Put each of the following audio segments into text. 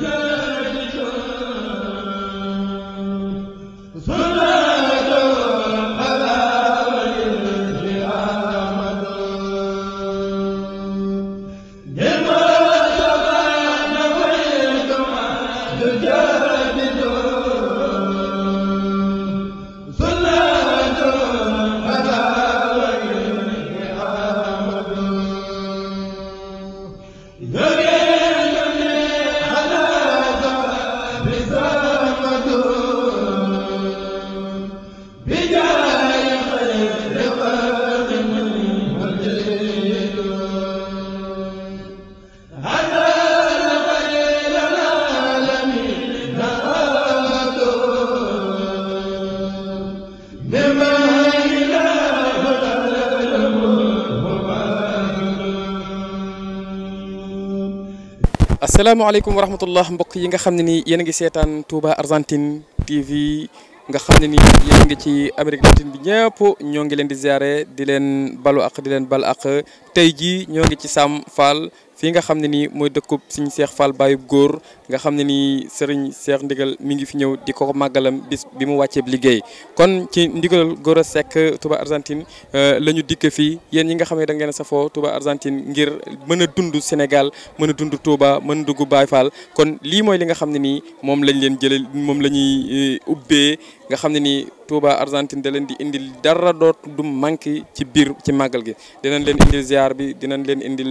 jërëjëf asalaamaaleykum wa rahmatullah mbokk yi nga xam ne ni yéen a ngi seetaan Touba Argentine TV nga xam ne ni yéen ngi ci Amérique latine bi ñëpp ñoo ngi leen di ziare di leen balu ak di leen bal ak tey jii ñoo ngi ci Sam Fall fii nga xam ne nii mooy dëkkub Serigne Cheikh Fall Baye góor nga xam ne nii Serigne Cheikh Ndigal mi ngi fi ñëw di ko màggalam bis bi mu wàcceeb liggéey kon ci ndigal Gora Seck Touba Argentine euh, la ñu dikk fii yéen ñi nga xam ne da ngeen safoo Touba Argentine ngir mën a dund Sénégal mën a dund Touba mën a dugg Baye Fall kon lii mooy li nga xam ne nii moom lañ leen jëlee moom la ñuy euh, ubbee nga xam ne nii Touba Argentine da leen di indi dara dootu du manqué ci biir ci màggal gi dinañ leen indil ziar bi dinañ leen indil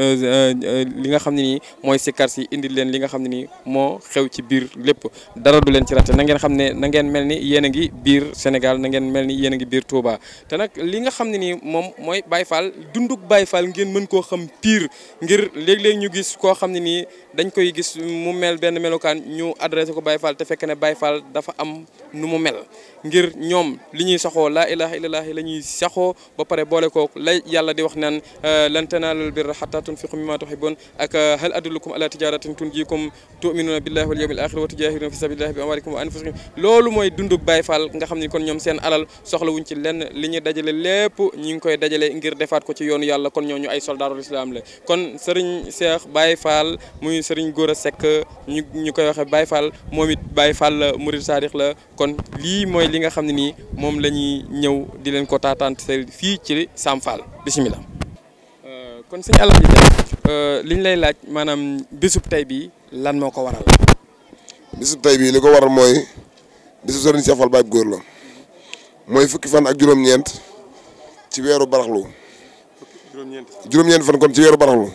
euh, li nga xam ne nii mooy sikkar indil leen li nga xam ne nii moo xew ci biir lépp dara du leen ci ratte na ngeen xam ne na ngeen mel ni yéen a ngi biir Sénégal na ngeen mel ni yéen a ngi biir Touba te nag li nga xam ne nii moom mooy Baye Fall dunduk Baye Fall ngeen mën koo xam pire ngir léeg-léeg ñu gis koo xam ne nii dañ koy gis mu mel benn melokaan ñu adressé ko Baye Fall te fekk ne Baye Fall dafa am nu mu mel ngir ñoom li ñuy saxoo laa ilaha illallah la ñuy saxoo ba pare boole ko la yàlla di wax naan euh, lan tanaalul birra hatta ak euh, hal adullukum ala tijaratin tunjikum tu'minuna billahi wal yawmil akhir fi sabilillahi bi amwalikum wa anfusikum loolu mooy dundug Baye Fall nga xam ni kon ñoom seen alal soxla wuñ ci lenn li ñu dajale lépp ñi ngi koy dajale ngir defaat ko ci yoonu yàlla kon ñoo ñu ay soldaarul islam la kon sëriñ Cheikh Baye Fall muy muy góor a Seck ñu ñu koy waxee Baye Fall moom it Baye Fall la Mouride Sadikh la kon lii mooy li nga xam ne nii moom lañuy ñëw di leen ko taataan fii ci Sam Fall bisimilah. Euh, kon sëñ Alaaji Dia li ñu lay laaj maanaam bisub tey bii lan moo ko waral. bésub tey bii li ko waral mooy bésub Serigne Cheikh Fall Baye Góor la mooy fukki fan ak juróom-ñeent ci weeru baraxlu. juróom-ñeent fan kon ci weeru baraxlu.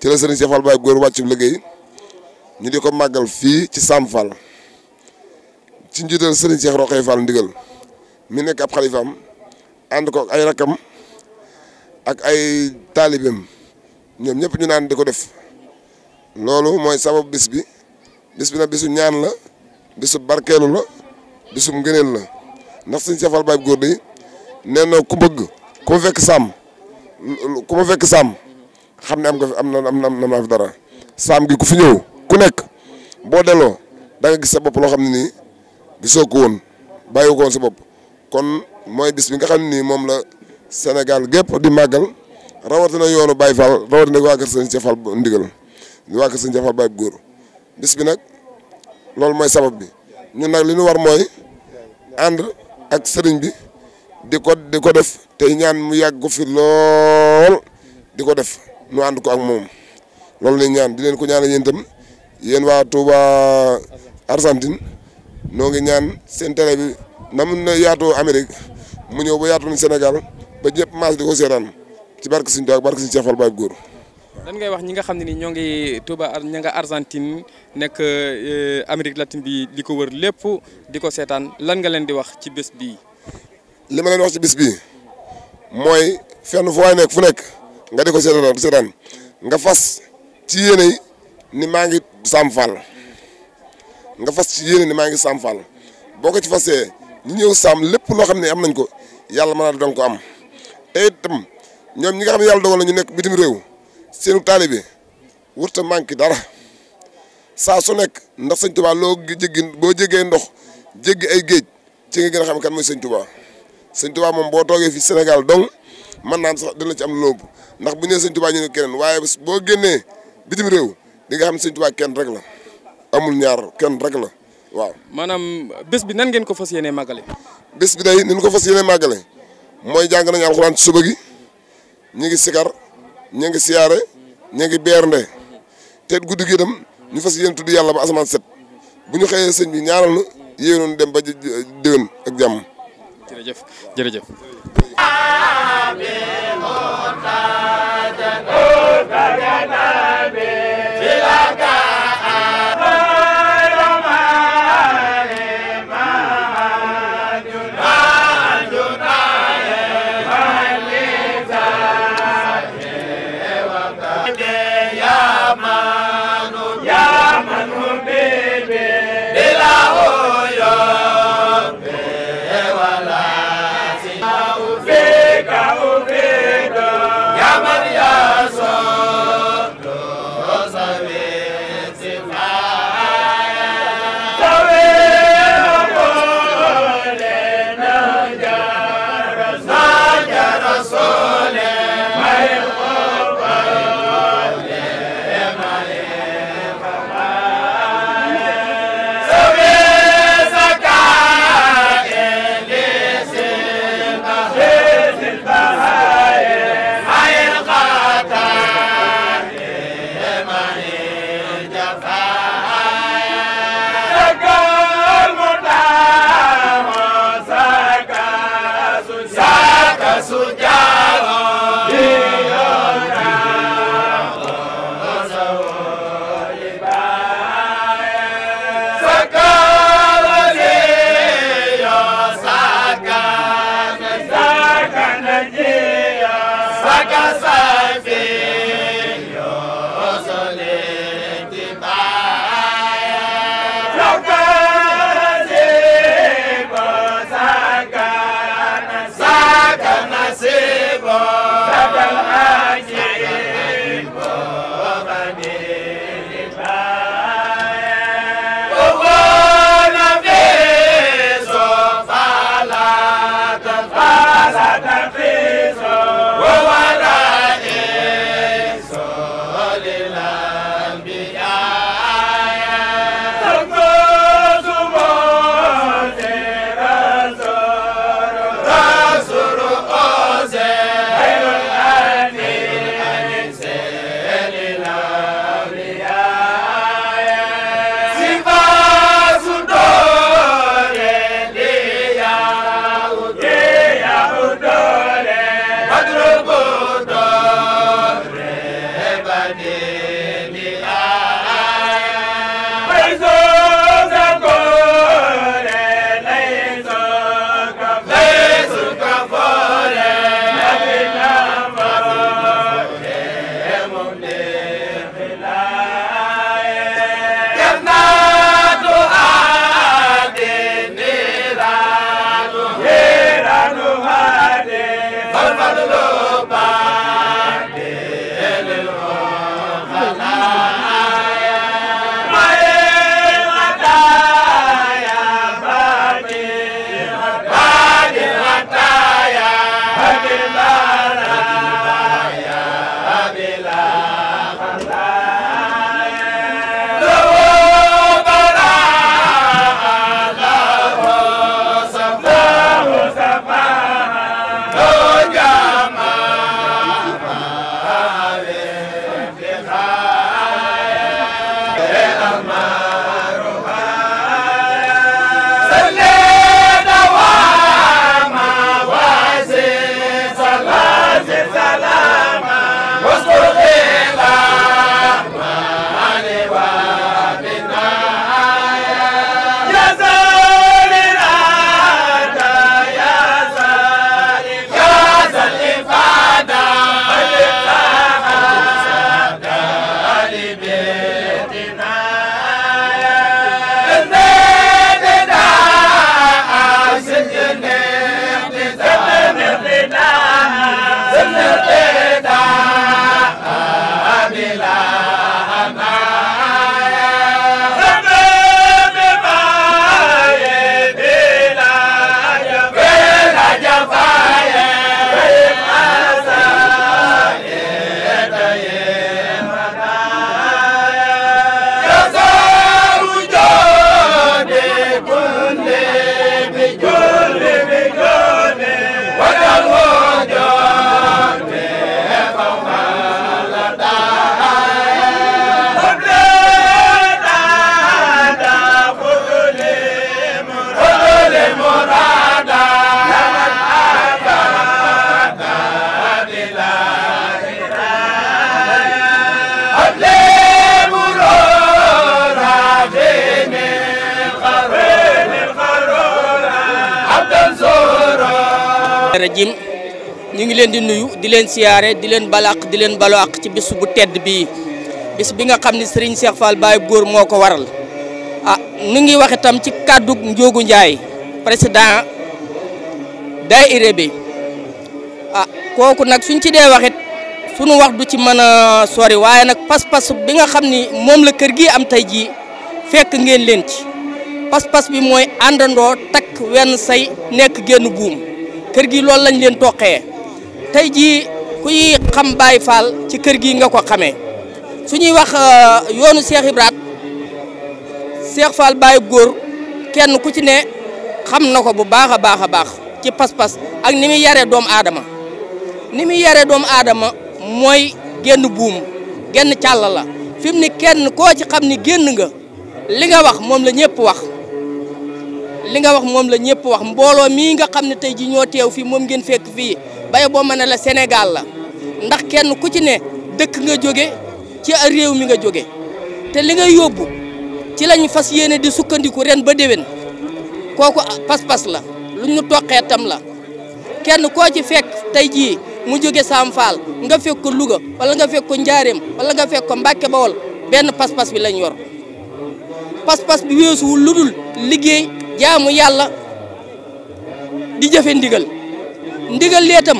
ci la sëriñ Cheikh Fall Baye góor wàccu liggéey ñu di ko màggal fii ci Sam Fall ci njiital sëriñ Cheikh Roqay Fall ndigal mi nekk ab xalifaam ànd ko ay ak ay taalibeem ñoom ñëpp ñu naan di ko def loolu mooy sabab bis bi bis bi nag bisu ñaan la bisu barkeelu la bisu ngëneel la ndax sëriñ Cheikh góor day nee na ku bëgg ku fekk sàmm ku ma fekk sàmm xam ne am nga fi am na am na am naa fi dara saam gi ku fi ñëw ku nekk boo delloo da gis sa bopp loo xam ne nii gisoo ko woon bàyyi ko woon sa bopp kon mooy bis bi nga xam ne nii moom la senegal gépp di màggal rawatina yoonu Baye Fall rawatina waa Kër Sëñ Fall ndigal waa Kër Sëñ Fall Baye góor bis bi nag loolu mooy sabab bi ñun nag li ñu war mooy ànd ak sëriñ bi di ko di ko def te ñaan mu yàgg ko fi lool di ko def. nu ànd ko ak moom loolu lañ ñaan di leen ko ñaanal yéen itam yéen waa Touba Argentine noo ngi ñaan seen télé bi na mun na yaatoo Amérique mu ñëw ba yaatu nañ Sénégal ba ñëpp maas di ko seetaan ci barke Sëñ Tuubaa ak barke Sëñ Cheikh Fall Baay góor lan ngay wax ñi nga xam ne ni ñoo ngi Touba ña nga Argentine nekk euh, Amérique latine bi li ko wër lépp di ko seetaan lan nga leen di wax ci bés bii. li ma leen wax ci bés bii mooy fenn fu waay nekk fu nekk. nga di ko seetaan seetaan nga fas ci yéene ni maa ngi Sam nga fas ci yéene ni maa ngi Sam boo ko ci fasee ñu ñëw Sam lépp loo xam ne am nañ ko yàlla mën naa doon ko am te itam ñoom ñi nga xam ne yàlla dogal ñu nekk bitim réew seenu taalibe wut a manqué dara saa su nekk ndax sëñ Tuubaa loo jéggi boo jéggee ndox jéggi ay géej ci nga a xam kan mooy sëñ Tuubaa sëñ moom boo toogee fi Sénégal dong man naan sax dina ci am lomb ndax bu ñu nee sëñ Tuubaa ñu ne keneen waaye boo génnee bitim réew di nga xam sëñ Tuubaa kenn rek la amul ñaar kenn rek la waaw. maanaam bés bi nan ngeen ko fas yéenee màggale. bés bi day nin ko fas yéenee màggale mooy jàng nañu alxuraan ci suba gi ñu ngi sikar ñu ngi siyaare ñu ngi beernde te guddi gi ñu fas yéen tudd yàlla ba asamaan set bu ñu xëyee sëñ bi ñaanal na yéenoon dem ba déwén ak jàmm. jërëjëf jërëjëf. be rahmaani rahiim ñu ngi leen di nuyu di leen siyaare di leen balaq di leen balaq ci bis bu tedd bi bis bi nga xam ne Serigne Cheikh Fall baay góor moo ko waral ah ñu ngi wax itam ci kàddu Njóogu Njaay président daayira bi a ah, kooku nag suñ ci dee waxit sunu wax du ci mën a sori waaye nag pas-pas bi nga xam ni moom la kër gi am tey jii fekk ngeen leen ci pas-pas bi mooy àndandoo takk wenn say nekk génn guum kër gi loolu lañ leen toqee tey jii kuy xam Baye Fall ci kër gi nga ko xamee su ñuy wax euh, yoonu Cheikh Ibrahima Cheikh Fall Baye góor kenn ku ci ne xam na ko bu baax a baax a baax ci pas-pas ak ni muy yaree doomu aadama ni muy yaree doomu aadama mooy genn buum genn càll la fi mu ne kenn koo ci xam ni génn nga li nga wax moom la ñëpp wax. li nga wax moom la ñëpp wax mbooloo mii nga xam ne tey ji ñoo teew fii moom ngeen fekk fii baye boo mën a la Sénégal la ndax kenn ku ci ne dëkk nga jóge ci réew mi nga jóge te li nga yóbbu ci lañ fas yéene di sukkandiku ren ba déwén kooku pas-pas la lu ñu toqee tam la kenn koo ci fekk tey ji mu jóge Sam nga fekk ko Louga wala nga fekk ko Njaareem wala nga fekk ko Mbàkke Bawol benn pas-pas bi lañ yor pas-pas bi weesuwul lu dul liggéey jaamu yàlla di jëfe ndigal ndigal leetam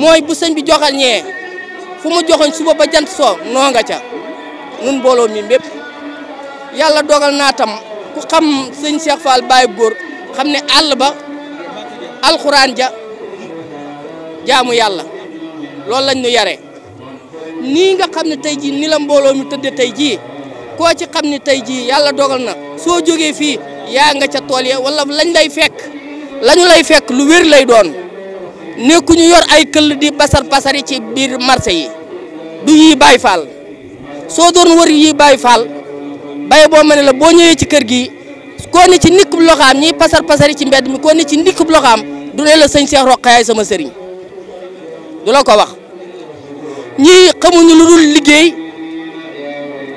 mooy bu sëñ bi joxal ñee fu mu joxoñ suba ba jant soo noo nga ca nun mbooloo mi bépp yàlla dogal naa tam ku xam sëñ Cheikh Fall Baye góor xam ne àll ba alxuraan ja jaamu yàlla loolu lañ nu yare nii nga xam ne tey jii ni la mbooloo mi tëdd tey jii koo ci xam ne tey jii yàlla dogal na soo jógee fii yaa nga ca tool ya wala lañ lay fekk lañu lay fekk lu wér lay doon nekku ñu yor ay këll di basar basar yi ci biir marché yi du yii Baay Faal soo doon wër yii Baay Faal bay boo ma ne la boo ñëwee ci kër gi koo ne ci ndikkub loxaam ñiy pasar pasar pasari ci mbedd mi ko ne ci ndikkub loxaam du ne la sëñ Cheikh Roqaay sama sëriñ du la ko wax ñii xamuñu lu dul liggéey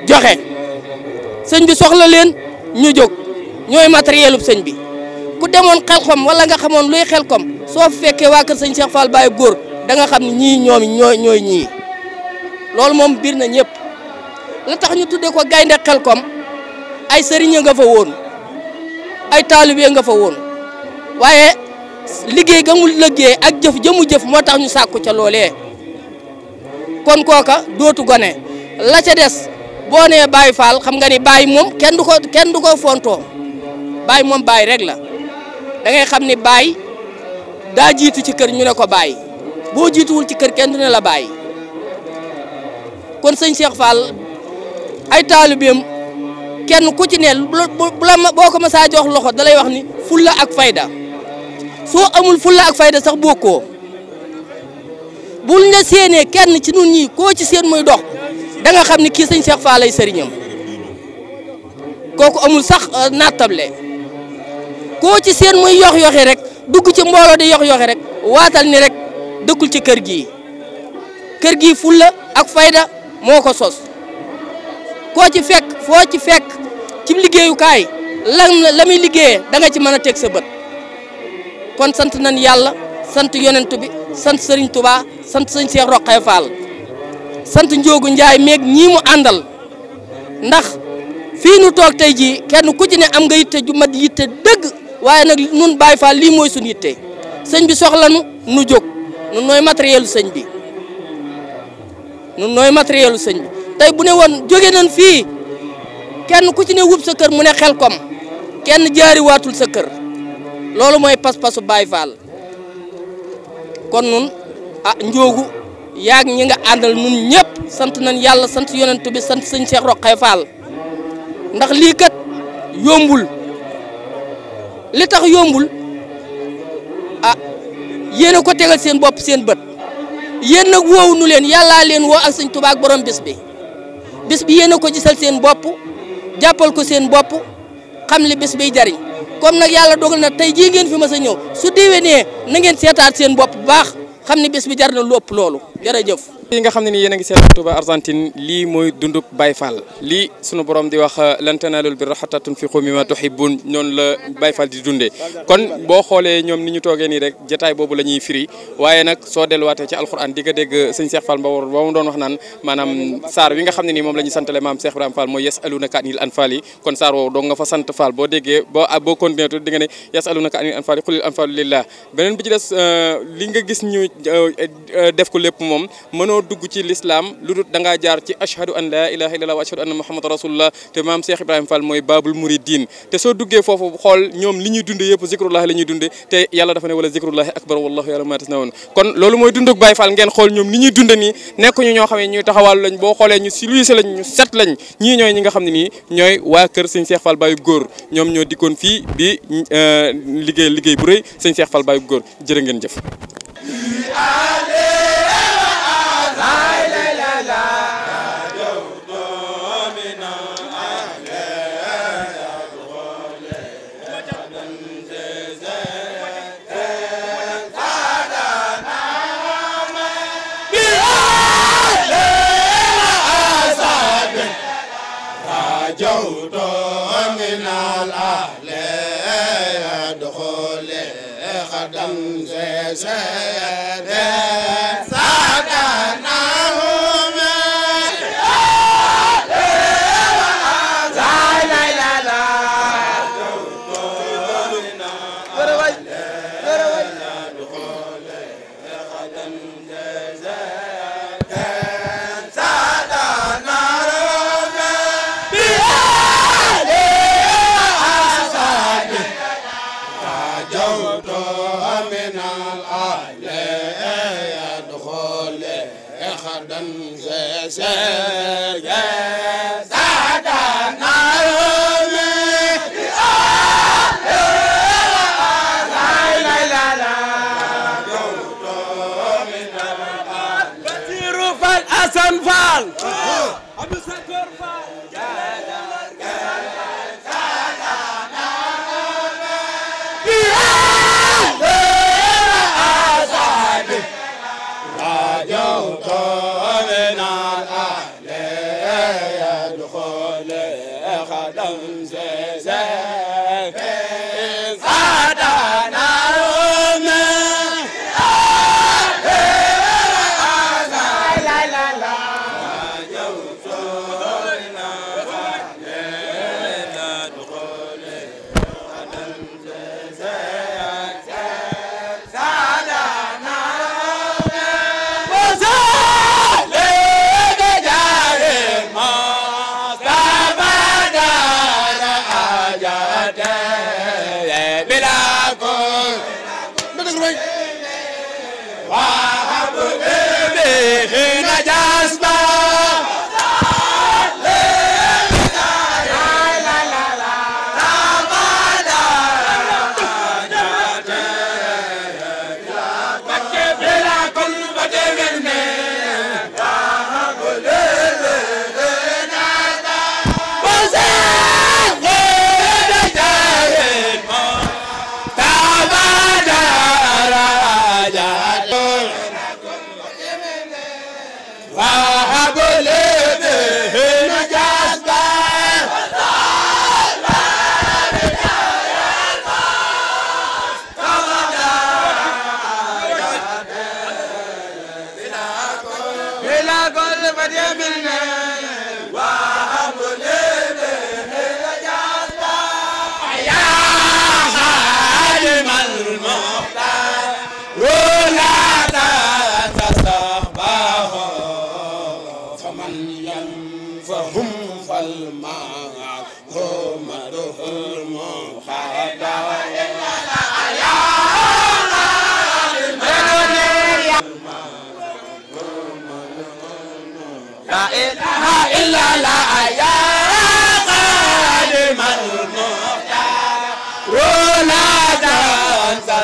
joxe sëñ bi soxla leen ñu jóg ñooy matériel ub sëñ bi ku demoon xelkom wala nga xamoon xel kom soo fekkee waa kër sëñ Cheikh Fall Baye góor da xam ne ñii ñoom ñooy ñooy ñii loolu moom biir na ñëpp la tax ñu tuddee ko gaynde xelkom ay sëriñ nga fa woon ay taalibe nga fa woon waaye liggéey ga mu liggéey ak jëf jëmu jëf moo tax ñu sàkku ca loole kon kooka dootu gone la ca des boo nee Baye Fall xam nga ni Baye moom kenn du ko kenn du ko fontoo baay moom baay rek la dangay xam ni baay daa jiitu ci kër ñu ne ko baay boo jiituwul ci kër kenn du ne la baay kon sëñ Cheikh Fall ay taalibeem kenn ku ci ne boo ko mësaa jox loxo da lay wax ni la ak fayda soo amul fulla ak fayda sax bu bul ne séenee kenn ci nun ñi ko ci seen muy dox danga xam ni kii sëñ Cheikh Fall lay sëriñam kooku amul sax euh, naatable koo ci seen muy yox yoxi rek dugg ci mbooloo di yox yoxi rek waatal ni rek dëkkul ci kër gi kër gi fulla ak fayda moo ko sos koo ci fekk foo ci fekk ci liggéeyukaay lan la muy liggéeye da ci mën a teg sa bët kon sant nañ yàlla sant yonent bi sant sëriñ Touba sant sëñ Cheikh Roqay sant Njoogu Njaay meeg ñii mu àndal ndax fi nu toog tey jii kenn ku ci ne am nga yitte ju mat yitte dëgg waaye nag nun Baye Fall lii mooy suñu yitte sëñ bi soxla nu nu jóg nun nooy matérielu sëñ bi nun nooy matérielu sëñ bi tey bu ne woon jóge nañ fii kenn ku ci ne wub sa kër mu ne xel kom kenn jaari waatul sa kër loolu mooy pas-pasu Baye Fall kon nun a ah, njoogu yaag ñi nga àndal nun ñëpp sant nañ yàlla sant yonent bi sant sëñ Cheikh Roqay Fall ndax lii kat yombul li tax yombul ah yéen a ko tegal seen bopp seen bët yéen nag woowu nu leen yàllaa leen wo ak sëñ tubaak ak borom bis bi bis bi yéen a ko gisal seen bopp jàppal ko seen bopp xam li bis biy jariñ comme nag yàlla dogal na tey jii ngeen fi mas a ñëw su déwénee na ngeen seetaat seen bopp bu baax xam ni bis bi jar na lu ëpp loolu jërëjëf yi nga xam ne nii yéen ngi seetlu Argentine lii mooy dundub Baye Fall lii sunu borom di wax lan tanaalul birra hattaa tunfiqu mimmaa tuhibbuun noonu la Baye Fall di dundee kon boo xoolee ñoom ni ñu toogee nii rek jataay boobu la ñuy waaye nag soo delluwaatee ci alxuraan di nga dégg sëñ Cheikh Fall Mbaor doon wax naan maanaam saar wi nga xam ne nii moom la ñu santale maam Cheikh Ibrahima Fall mooy yasalunaka anil anfaal yi kon saar woowu dong nga fa sant Fall boo déggee boo ah, boo continué tuuti di nga ne yasalunaka anil anfaal yi qulil anfaalu lillah beneen bi ci euh, dugg ci lislaam lu du da ngaa jaar ci ashhadu an laa ilaha illallah wa ashhadu anna muhammad rasulullah te maam Cheikh Ibrahima Fall mooy baabul muridin te soo duggee foofu xool ñoom li ñuy dund yëpp zikrullah la ñuy dunde te yàlla dafa ne wala zikrullahi akbar wallahu yàlla ma tasnawoon kon loolu mooy dunduk Baye Fall ngeen xool ñoom ni ñuy dunde nii nekkuñu ñoo xam ne ñuy taxawal lañ boo xoolee ñu siluise lañ ñu set lañ ñii ñooy ñi nga xam ne nii ñooy waa kër sëñ Cheikh Fall Baye góor ñoom ñoo dikkoon fii bi euh, liggéey liggéey bu rëy sëñ Cheikh Fall Baye góor jërë ngeen jëf dam se se de yo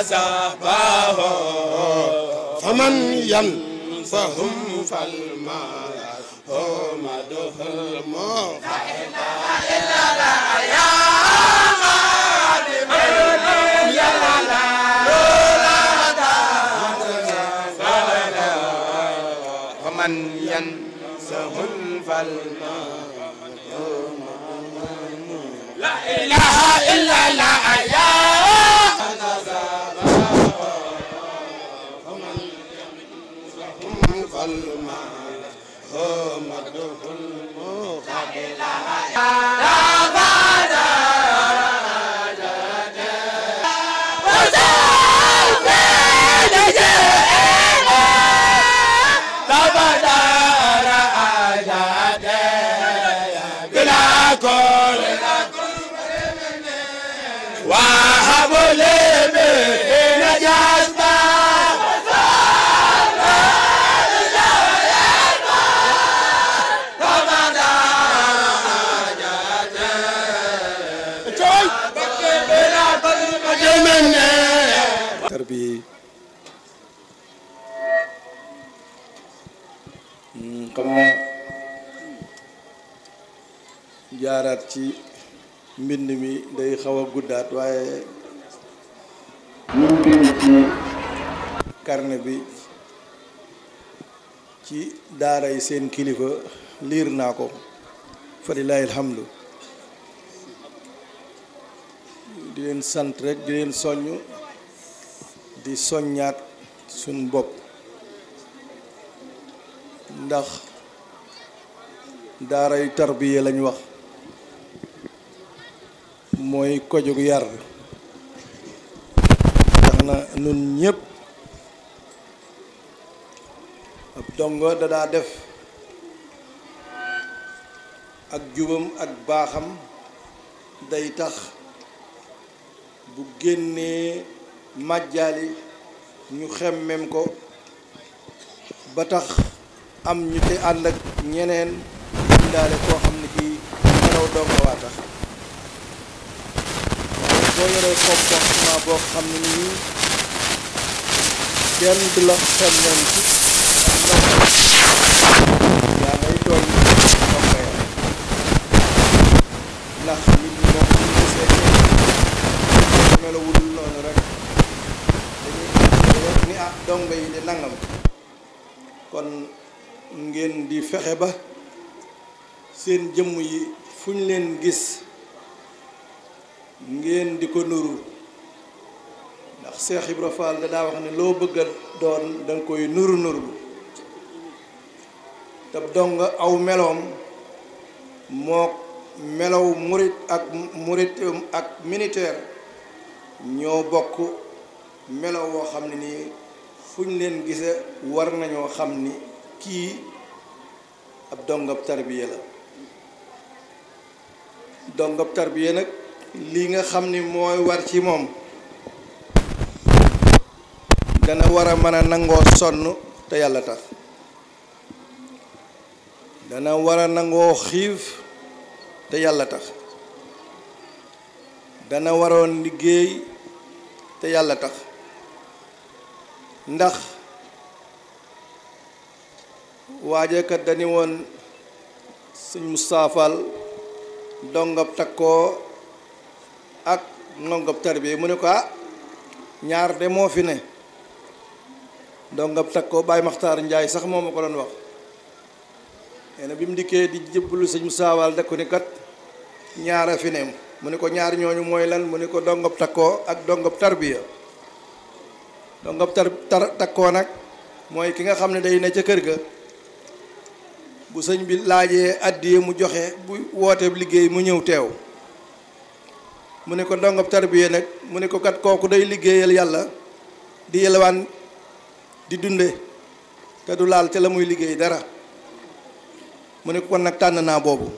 سباه فمن ينفهم فالمال هم دهم لا إله إلا الله يا فمن ينسه فالمال لا إله إلا الله mbind mi day xaw guddaat waaye karne bi ci daara yi seen kilifa liir naa ko fa lillaahi alhamdu di leen sant rek di leen soññ di soññaat suñ bopp ndax daara yu tarbiya lañ wax mooy kojug yar tax na nun ñëpp ab dongo dadaa def ak jubam ak baaxam day tax bu génnee màjjaali ñu xemmem ko ba tax am ñu te ànd ak ñeneen indaale koo xam ne kii nelaw dongo waa tax boo yoree comportement boo xam ne nii kenn la xemmeem ci ndax yaa ngay tooñ bokkayam ni ah dongo yi di nangam kon ngeen di fexe ba seen jëm yi fu ñu leen gis ngeen di ko nuru ndax Cheikh Ibra Fall da daa wax ne loo bëgg a doon danga koy nuru nuru te dong aw meloom moo melow murit ak murit ak militaire ñoo bokk melow woo xam ne nii fuñ leen gise war nañoo xam ni kii ab dongab tarbiya la dongab tarbiya nag li nga xam ni mooy war ci moom dana war a mën a nangoo sonn te yàlla tax dana war a nangoo xiif te yàlla tax dana waroon liggéey te yàlla tax ndax waajekat dañu woon suñ mustaafal dongab takkoo ak ndongob tarbiya mu ne ko ah ñaar de moo fi ne ndongob takk ko Baye Makhtar Ndiaye sax moo ma ko doon wax nee na bi mu dikkee di jëbbalu sëñ Moussa Wall da ni kat ñaar a fi ne mu ne ko ñaar ñooñu mooy lan mu ne ko ndongob takkoo ak ndongob tarbiya ndongob tar tar takkoo nag mooy ki nga xam ne day ne ca kër ga bu sëñ bi laajee addiye mu joxe bu wooteeb liggéey mu ñëw teew mu ne ko ndongob tarbiya nag mu ne ko kat kooku day liggéeyal yàlla di yelwaan di dunde te du laal ca la muy liggéey dara mu ne ko nag tànn naa boobu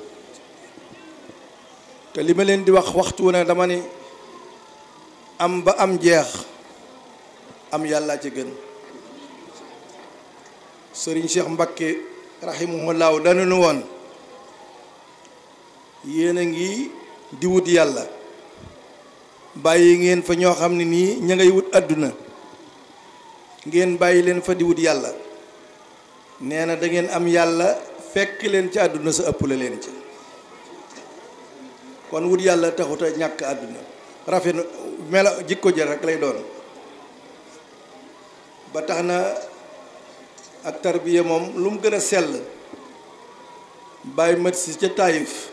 te li ma leen di wax waxtu wu ne dama ne am ba am jeex am yàllaa ci gën sëriñ Cheikh Mbakke rahimahullahu danu nu woon yéen a ngi di wut yàlla bàyyi ngeen fa ñoo xam ne nii ña ngay wut àdduna ngeen bàyyi leen fa di wut yàlla nee na dangeen am yàlla fekk leen ci àdduna sa ëpp la leen ci kon wut yàlla taxut a ñàkk àdduna rafet melo jikko jël rek lay doon ba tax na ak tarbiya moom lu mu gën a sell bàyyi mët si ca taayif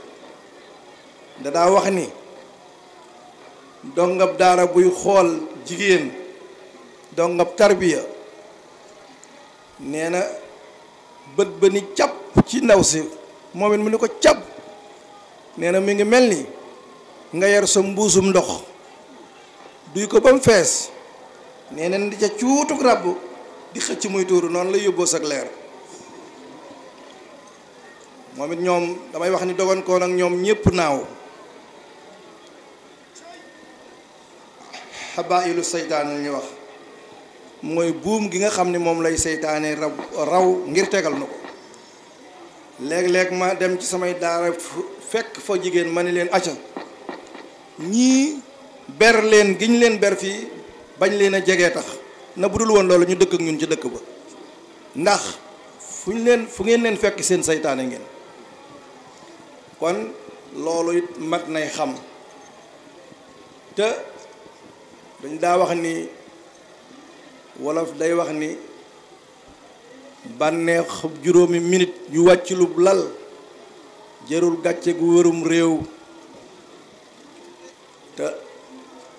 da daa wax ni dongab daara buy xool jigéen dongab tarbiya nee na bët ba ni càpp ci ndaw si moom it mu ni ko càpp neena na mi ngi mel ni nga yar sa mbuusum ndox duy ko ba mu fees nee na di ca cuutuk ràbb di xëcc muy tuuru noonu la yóbboo sag leer moom it ñoom damay wax ni dogon ak ñoom ñépp naaw xabaayilu seytaan la ñuy wax mooy buum gi nga xam ni moom lay seytaane raw raw ngir tegal na ko léeg-léeg ma dem ci samay daara fekk fa jigéen ma ne leen acca ñii ber leen gi ñu leen ber fii bañ leen a jege tax na budul woon loolu ñu dëkk ak ñun ci dëkk ba ndax fu ñu leen fu ngeen leen fekk seen seytaane ngeen kon loolu it mag nay xam te dañ daa wax ni wolof day wax ni bànneex juróomi minit yu wàcc lu lal jërul gàcce gu wërum réew te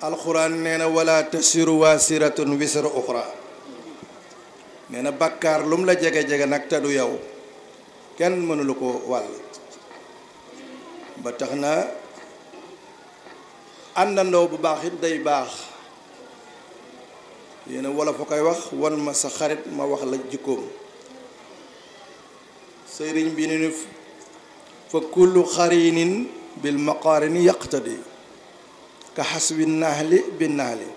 alxuraan nee na wala tasiru waasiratun wisra uxra na bàkkaar lum la jege-jege nag te du yow kenn mënula ko wàll ba tax na àndandoo bu baax it day baax yéen a wala fa koy wax wan ma sa xarit ma wax la jikkoom sëriñ bi ni fa kullu xarinin bil maqaarini yaqtadi ka xaswi naahli bi naahli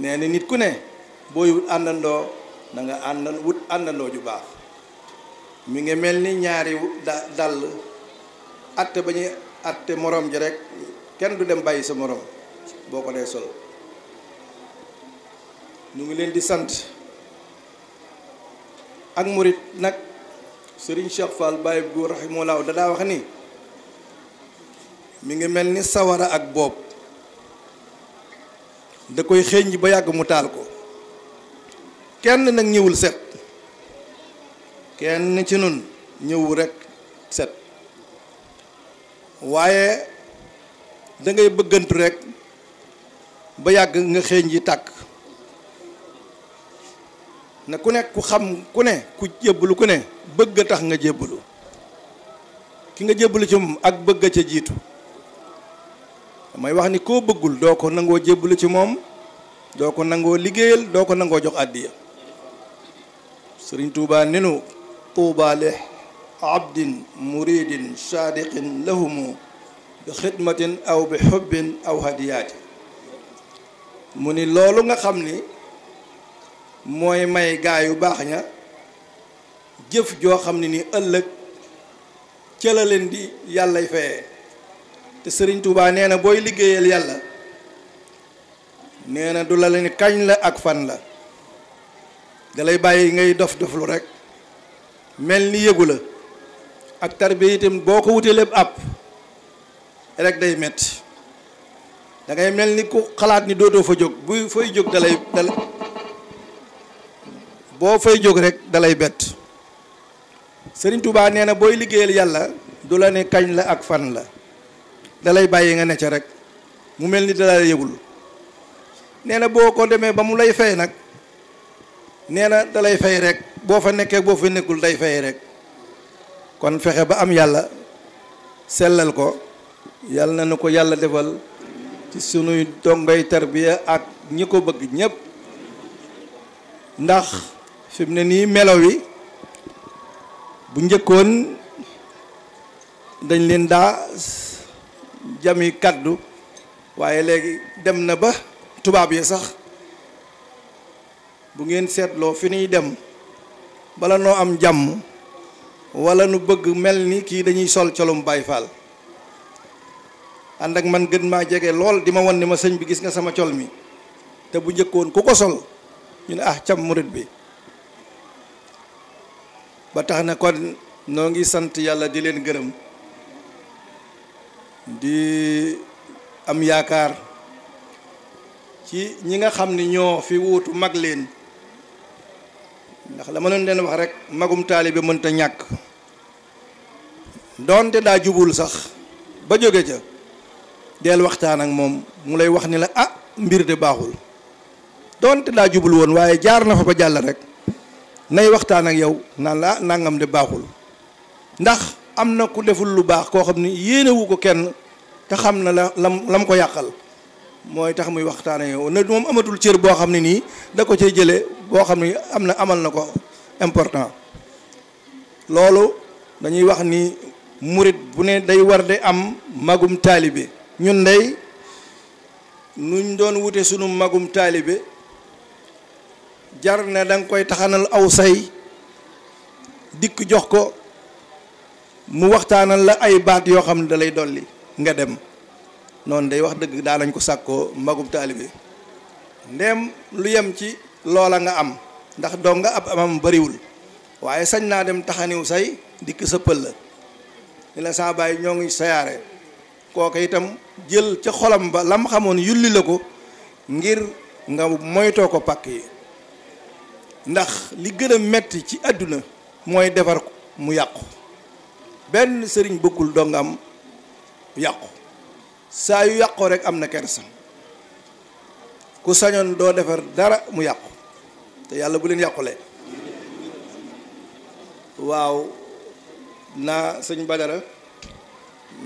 nee na nit ku ne booy wut àndandoo da nga wut àndandoo ju baax mu ngi mel ni ñaari da dàll atte ba ñuy atte morom ji rek kenn du dem bàyyi sa moroom boo ko dee sol ñu ngi leen di sant ak murit nag sëriñ Cheikh Fall Baye Góor rahimahullah da daa wax ni mi ngi mel ni sawara ak boob da koy xëeñ ba yàgg mu taal ko kenn nag ñëwul set kenn ci nun ñëwul rekk set waaye dangay bëggantu rekk ba yàgg nga xëeñ yi tàkk na ku nekk ku xam ku ne ku jébbalu ku ne bëgg a tax nga jébbalu ki nga jébbalu ci moom ak bëgg a ca jiitu damay wax ni ko bëggul doo ko nangoo jébbalu ci moom doo ko nangoo liggéeyal doo ko nangoo jox àddiya sëriñ tuubaa nenu tuubaale abdin muridin saadiqin lahumu bi xidmatin aw bi xubbin aw hadiyaati mu ni loolu nga xam ni mooy may gaa yu baax ña jëf joo xam ne ni ëllëg ca la leen di yàllay fayee te sëriñ Touba nee na booy liggéeyal yàlla nee na du la leen kañ la ak fan la dalay bàyyi ngay dof doflu rekk mel ni yëgu la ak tarbiya itam boo ko wutee lépp àpp rek day metti dangay mel ni ku xalaat ni dootoo fa jóg bu fooy jóg dalay dalay boo fay jóg rek dalay bett Serigne Touba nee na booy liggéeyal yàlla du la ne kañ la ak fan la dalay bàyyi nga ne ca rek mu mel ni dala yëgul nee na boo ko demee ba mu lay fay nag nee na dalay fay rek boo fa nekkee boo fa nekkul day fay rek kon fexe ba am yàlla sellal ko yàlla na nu ko yàlla defal ci sunuy dongoy tarbiya ak ñi ko bëgg ñépp ndax fi mu ne nii melaw yi bu njëkkoon dañ leen daa jami kàddu waaye léegi dem na ba tubaab yi sax bu ngeen seetloo fi ñuy dem bala noo am jàmm wala nu bëgg mel ni kii dañuy sol colum bay Faal ànd ak man gën maa jege lool di ma won ni ma sëñ bi gis nga sama col mi te bu njëkkoon ku ko sol ñu ne ah cam murit bi ba tax na kon noo ngi sant yàlla di leen gërëm di am yaakaar ci ñi nga xam ni ñoo fi wuutu mag leen ndax la ma doon leen wax rek magum taalibe mënta ñàkk doonte daa jubul sax ba jóge ca deel waxtaan ak moom mu lay wax ni la ah mbir de baaxul doonte daa jubul woon waaye jaar na fa ba jàll rek nay waxtaan ak yow naan la ah, nangam de baaxul ndax am na ku deful lu baax koo xam ni yéenewu ko kenn te xam na la lam lam ko yàqal mooy tax muy waxtaan ak yow na moom amatul cër boo xam ne nii da ko cay jëlee boo xam ne am na amal na ko important loolu dañuy wax ni murit bu ne day war de am magum taalibe ñun day nuñ doon wute sunu magum taalibe jar ne danga koy taxanal aw say dikk jox ko mu waxtaanal la ay baat yoo xam ne dalay lay dolli nga dem noonu day wax dëgg daa ko sàkkoo mbagub taalibe ndéem lu yem ci loola nga am ndax doo nga ab am amam bariwul waaye sañ naa dem taxaniw say dikk sa pël la ni la saa ñoo ngi sayaare kooka itam jël ca xolam ba lam xamoon yulli la ko ngir nga moytoo ko pàkk yi ndax li gën a metti ci àdduna mooy defar ko mu yàqu benn sëriñ bëggul dongam yàqu saa yu yàqu rek am na kersa ku sañoon doo defar dara mu yàqu te yàlla bu leen yàqule waaw naa sëñ Badara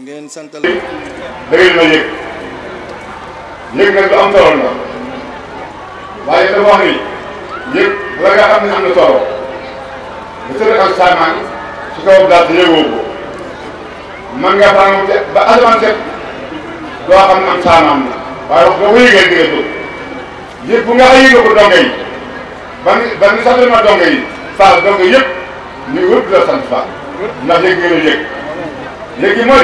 ngeen santal la dangay ma nag lu am solo la waaye dafa wax yëg la nga xam ne am na solo bu tëdd am saamaan su kaw daal di yëgoo man nga faa te ba asamaan set doo xam ne am saamaan la waaye wax nga ko yëgee nga jóg yëpp bu nga ba ni ba ni sax dama donge yi Fall donge yëpp ñu wëpp la sant Fall nga la yëg léegi moo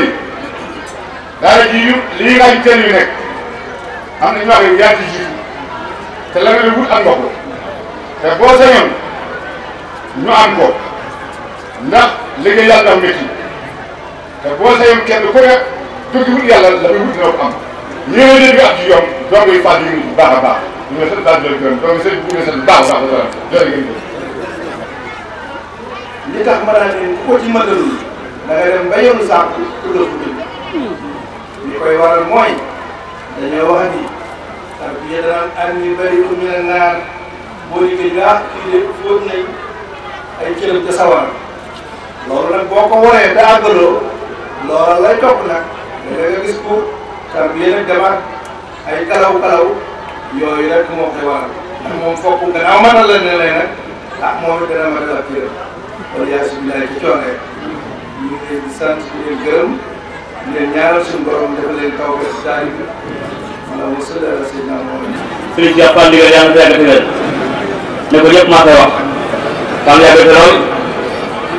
ji yu lii rajo yu nekk am na ñu wax yow yaa ci jiitu te la nga wut ak mbokk te boo sañoon ñu am ko ndax liggéey yàlla am métti te boo sañoon kenn ku ne tukki wut yàlla la muy wut dina ko am. ñëwee léegi ak ci yomb dong yu fàttali ñu baax a baax ñu ne seen baax di leen gërëm donc seen bu ñu seen baax baax la jërëjëf. li tax ma daal di ko ci mënalul da nga dem ba yoonu saako tuddoo ko li koy waral mooy dañoo wax ni ak yéen a naan am ñu bëri ku ñu ne naan. boo liggéey bi ah kii de fóot ay cëram ca sawar loolu nag boo ko waree te àggaloo loola lay topp nag léeg-léeg gis ko tarbiya nag demaat ay kalaw kalaw yooyu rek moo koy waral ndax moom fokk gannaaw matal la ne lay nag ah moom it dana matal ak cëram kon yaa subi laay ci coono ñu ngi leen di sant di leen gërëm di leen ñaanal suñu borom dafa leen taw ba si taal bi maanaam mos a dara seen naan moom. Serigne ne ko yëpp maa koy wax tam yàgg te lool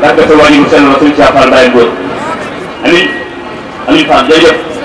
barke te wàññi mu seen la suñ ci àppal ndaay góor amin amin Fall jërëjëf